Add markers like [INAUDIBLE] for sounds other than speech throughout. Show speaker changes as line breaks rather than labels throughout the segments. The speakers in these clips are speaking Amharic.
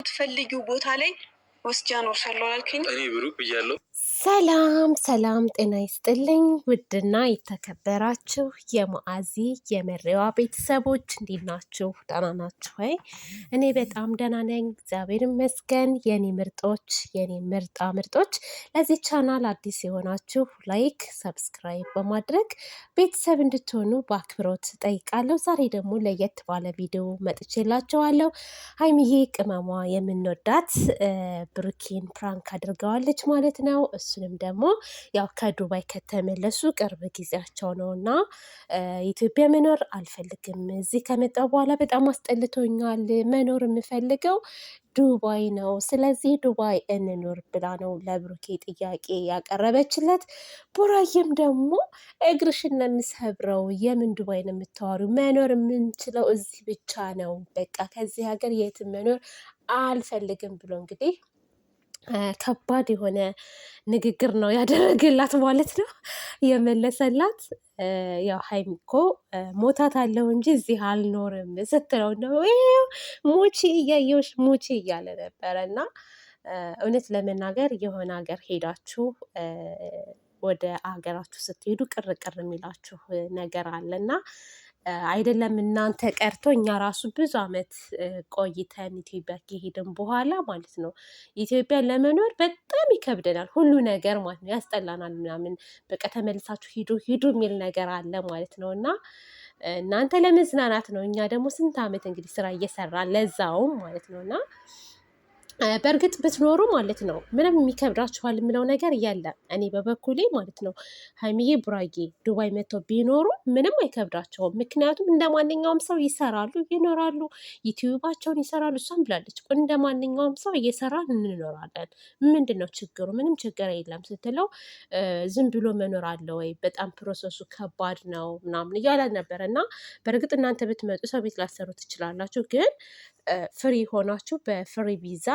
የምትፈልጊው ቦታ ላይ ወስጃ ኖርሻለሁ አልከኝ።
እኔ ብሩክ ብያለሁ።
ሰላም ሰላም፣ ጤና ይስጥልኝ ውድና የተከበራችሁ የማዓዚ የመሪዋ ቤተሰቦች እንዴት ናችሁ? ደህና ናችሁ ወይ? እኔ በጣም ደህና ነኝ፣ እግዚአብሔር ይመስገን። የኔ ምርጦች፣ የኔ ምርጣ ምርጦች፣ ለዚህ ቻናል አዲስ የሆናችሁ ላይክ፣ ሰብስክራይብ በማድረግ ቤተሰብ እንድትሆኑ በአክብሮት ጠይቃለሁ። ዛሬ ደግሞ ለየት ባለ ቪዲዮ መጥቼላችኋለሁ። ሀይሚዬ ቅመሟ የምንወዳት ብሩኬን ፕራንክ አድርገዋለች ማለት ነው። እሱንም ደግሞ ያው ከዱባይ ከተመለሱ ቅርብ ጊዜያቸው ነው እና ኢትዮጵያ መኖር አልፈልግም፣ እዚህ ከመጣሁ በኋላ በጣም አስጠልቶኛል፣ መኖር የምፈልገው ዱባይ ነው፣ ስለዚህ ዱባይ እንኖር ብላ ነው ለብሩኬ ጥያቄ ያቀረበችለት። ቡራዬም ደግሞ እግርሽን ነው የምሰብረው፣ የምን ዱባይ ነው የምታወሩ? መኖር የምንችለው እዚህ ብቻ ነው፣ በቃ ከዚህ ሀገር የትም መኖር አልፈልግም ብሎ እንግዲህ ከባድ የሆነ ንግግር ነው ያደረገላት ማለት ነው የመለሰላት። ያው ሀይሚ እኮ ሞታት አለው እንጂ እዚህ አልኖርም ስትለው ነው ሞቼ እያየሁሽ ሞቼ እያለ ነበረ እና እውነት ለመናገር የሆነ ሀገር ሄዳችሁ ወደ አገራችሁ ስትሄዱ ቅርቅር የሚላችሁ ነገር አለ እና አይደለም እናንተ ቀርቶ እኛ ራሱ ብዙ አመት ቆይተን ኢትዮጵያ ከሄድን በኋላ ማለት ነው ኢትዮጵያ ለመኖር በጣም ይከብደናል። ሁሉ ነገር ማለት ነው ያስጠላናል፣ ምናምን በቃ ተመልሳችሁ ሂዱ ሂዱ የሚል ነገር አለ ማለት ነው። እና እናንተ ለመዝናናት ነው፣ እኛ ደግሞ ስንት አመት እንግዲህ ስራ እየሰራ ለዛውም ማለት ነው እና በእርግጥ ብትኖሩ ማለት ነው ምንም የሚከብዳችኋል የምለው ነገር የለም። እኔ በበኩሌ ማለት ነው ሀይሚዬ ቡራጌ ዱባይ መጥተው ቢኖሩ ምንም አይከብዳቸውም። ምክንያቱም እንደ ማንኛውም ሰው ይሰራሉ፣ ይኖራሉ፣ ዩቲዩባቸውን ይሰራሉ። እሷም ብላለች እንደ ማንኛውም ሰው እየሰራን እንኖራለን። ምንድን ነው ችግሩ? ምንም ችግር የለም ስትለው ዝም ብሎ መኖር አለ ወይ? በጣም ፕሮሰሱ ከባድ ነው ምናምን እያለ ነበር እና በእርግጥ እናንተ ብትመጡ ሰው ቤት ላሰሩ ትችላላችሁ ግን ፍሪ ሆናችሁ በፍሪ ቪዛ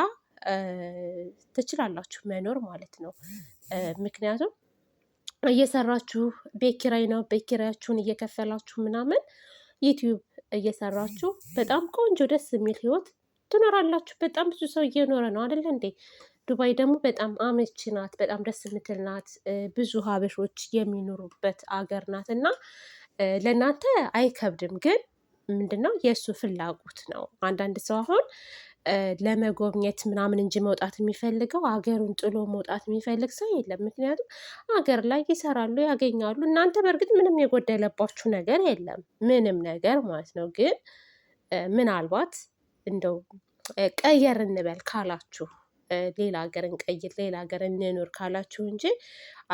ትችላላችሁ መኖር ማለት ነው። ምክንያቱም እየሰራችሁ ቤት ኪራይ ነው፣ ቤት ኪራያችሁን እየከፈላችሁ ምናምን ዩትዩብ እየሰራችሁ በጣም ቆንጆ ደስ የሚል ህይወት ትኖራላችሁ። በጣም ብዙ ሰው እየኖረ ነው አደለ እንዴ? ዱባይ ደግሞ በጣም አመቺ ናት። በጣም ደስ የምትል ናት። ብዙ ሀበሾች የሚኖሩበት አገር ናት እና ለእናንተ አይከብድም ግን ነው የእሱ ፍላጎት ነው። አንዳንድ ሰው አሁን ለመጎብኘት ምናምን እንጂ መውጣት የሚፈልገው አገሩን ጥሎ መውጣት የሚፈልግ ሰው የለም። ምክንያቱም አገር ላይ ይሰራሉ፣ ያገኛሉ። እናንተ በእርግጥ ምንም የጎደለባችሁ ነገር የለም፣ ምንም ነገር ማለት ነው። ግን ምናልባት እንደው ቀየር እንበል ካላችሁ ሌላ ሀገር እንቀይር፣ ሌላ ሀገር እንኖር ካላችሁ እንጂ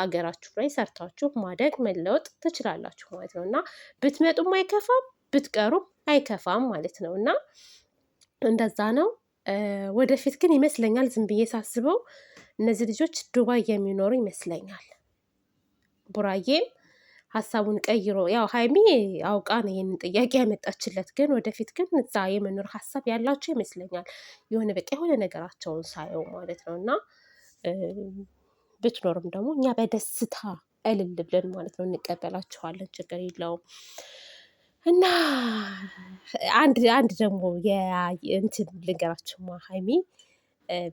አገራችሁ ላይ ሰርታችሁ ማደግ መለወጥ ትችላላችሁ ማለት ነው እና ብትመጡም አይከፋም ብትቀሩም አይከፋም ማለት ነው እና እንደዛ ነው። ወደፊት ግን ይመስለኛል ዝም ብዬ ሳስበው እነዚህ ልጆች ዱባይ የሚኖሩ ይመስለኛል። ቡራዬም ሀሳቡን ቀይሮ ያው ሀይሚ አውቃ ነው ይህንን ጥያቄ ያመጣችለት። ግን ወደፊት ግን እዛ የመኖር ሀሳብ ያላቸው ይመስለኛል። የሆነ በቃ የሆነ ነገራቸውን ሳየው ማለት ነው እና ብትኖርም ደግሞ እኛ በደስታ እልል ብለን ማለት ነው እንቀበላችኋለን። ችግር የለውም። እና አንድ አንድ ደግሞ እንትን ልንገራችሁማ ሀይሚ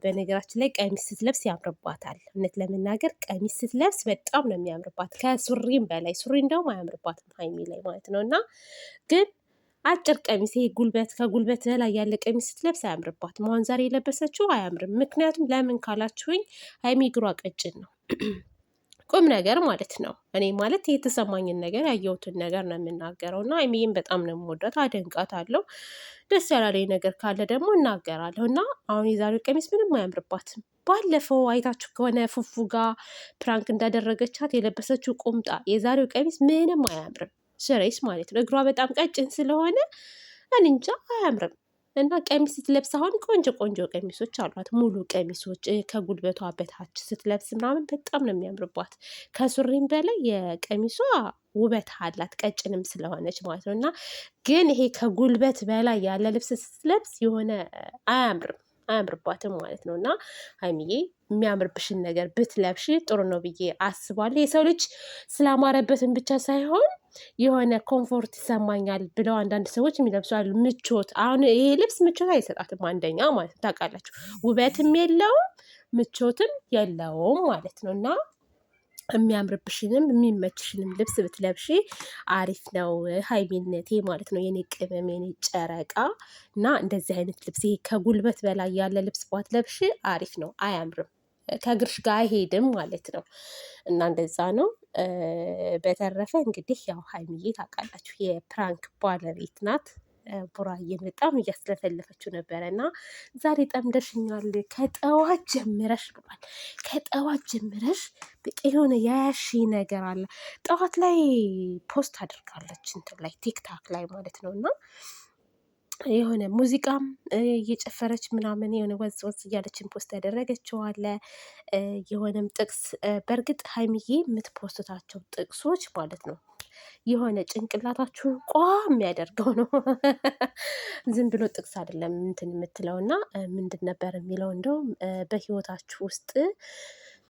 በነገራችን ላይ ቀሚስ ስትለብስ ያምርባታል። እውነት ለመናገር ቀሚስ ስትለብስ በጣም ነው የሚያምርባት ከሱሪም በላይ ሱሪ እንደውም አያምርባትም ሀይሚ ላይ ማለት ነው። እና ግን አጭር ቀሚስ ይሄ ጉልበት ከጉልበት ላይ ያለ ቀሚስ ስትለብስ አያምርባትም። አሁን ዛሬ የለበሰችው አያምርም። ምክንያቱም ለምን ካላችሁኝ ሀይሚ እግሯ ቀጭን ነው። ቁም ነገር ማለት ነው። እኔ ማለት የተሰማኝን ነገር ያየሁትን ነገር ነው የምናገረው እና ሀይሚዬን በጣም ነው የምወዳት፣ አለው። ደስ ያላለኝ ነገር ካለ ደግሞ እናገራለሁ እና አሁን የዛሬው ቀሚስ ምንም አያምርባትም። ባለፈው አይታችሁ ከሆነ ፉፉ ጋር ፕራንክ እንዳደረገቻት የለበሰችው ቁምጣ፣ የዛሬው ቀሚስ ምንም አያምርም። ስሬስ ማለት ነው እግሯ በጣም ቀጭን ስለሆነ እንጃ አያምርም። እና ቀሚስ ስትለብስ አሁን ቆንጆ ቆንጆ ቀሚሶች አሏት። ሙሉ ቀሚሶች ከጉልበቷ በታች ስትለብስ ምናምን በጣም ነው የሚያምርባት። ከሱሪም በላይ የቀሚሷ ውበት አላት፣ ቀጭንም ስለሆነች ማለት ነው። እና ግን ይሄ ከጉልበት በላይ ያለ ልብስ ስትለብስ የሆነ አያምርም አያምርባትም ማለት ነው። እና ሀይሚዬ የሚያምርብሽን ነገር ብትለብሽ ጥሩ ነው ብዬ አስባለሁ። የሰው ልጅ ስላማረበትን ብቻ ሳይሆን የሆነ ኮምፎርት ይሰማኛል ብለው አንዳንድ ሰዎች የሚለብሱ አሉ። ምቾት አሁን ይሄ ልብስ ምቾት አይሰጣትም። አንደኛ ማለት ነው ታውቃላችሁ፣ ውበትም የለውም ምቾትም የለውም ማለት ነው እና የሚያምርብሽንም የሚመችሽንም ልብስ ብትለብሺ አሪፍ ነው። ሀይሚነቴ ማለት ነው የኔ ቅመም የኔ ጨረቃ እና እንደዚህ አይነት ልብስ ይሄ ከጉልበት በላይ ያለ ልብስ ባትለብሺ አሪፍ ነው፣ አያምርም። ከእግርሽ ጋር አይሄድም ማለት ነው። እና እንደዛ ነው። በተረፈ እንግዲህ ያው ሀይሚዬ ታውቃላችሁ የፕራንክ ባለቤት ናት። ቡራዬን በጣም እያስለፈለፈችው ነበረ እና ዛሬ ጠምደሽኛል ከጠዋት ጀምረሽ ብሏል። ከጠዋት ጀምረሽ በቃ የሆነ የያሺ ነገር አለ። ጠዋት ላይ ፖስት አድርጋለች እንትን ላይ ቲክታክ ላይ ማለት ነው እና የሆነ ሙዚቃም እየጨፈረች ምናምን የሆነ ወዝ ወዝ እያለችን ፖስት ያደረገችው አለ። የሆነም ጥቅስ በእርግጥ ሀይሚዬ የምትፖስታቸው ጥቅሶች ማለት ነው የሆነ ጭንቅላታችሁን ቋም ያደርገው ነው። [LAUGHS] ዝም ብሎ ጥቅስ አይደለም እንትን የምትለው እና ምንድን ነበር የሚለው እንደው በህይወታችሁ ውስጥ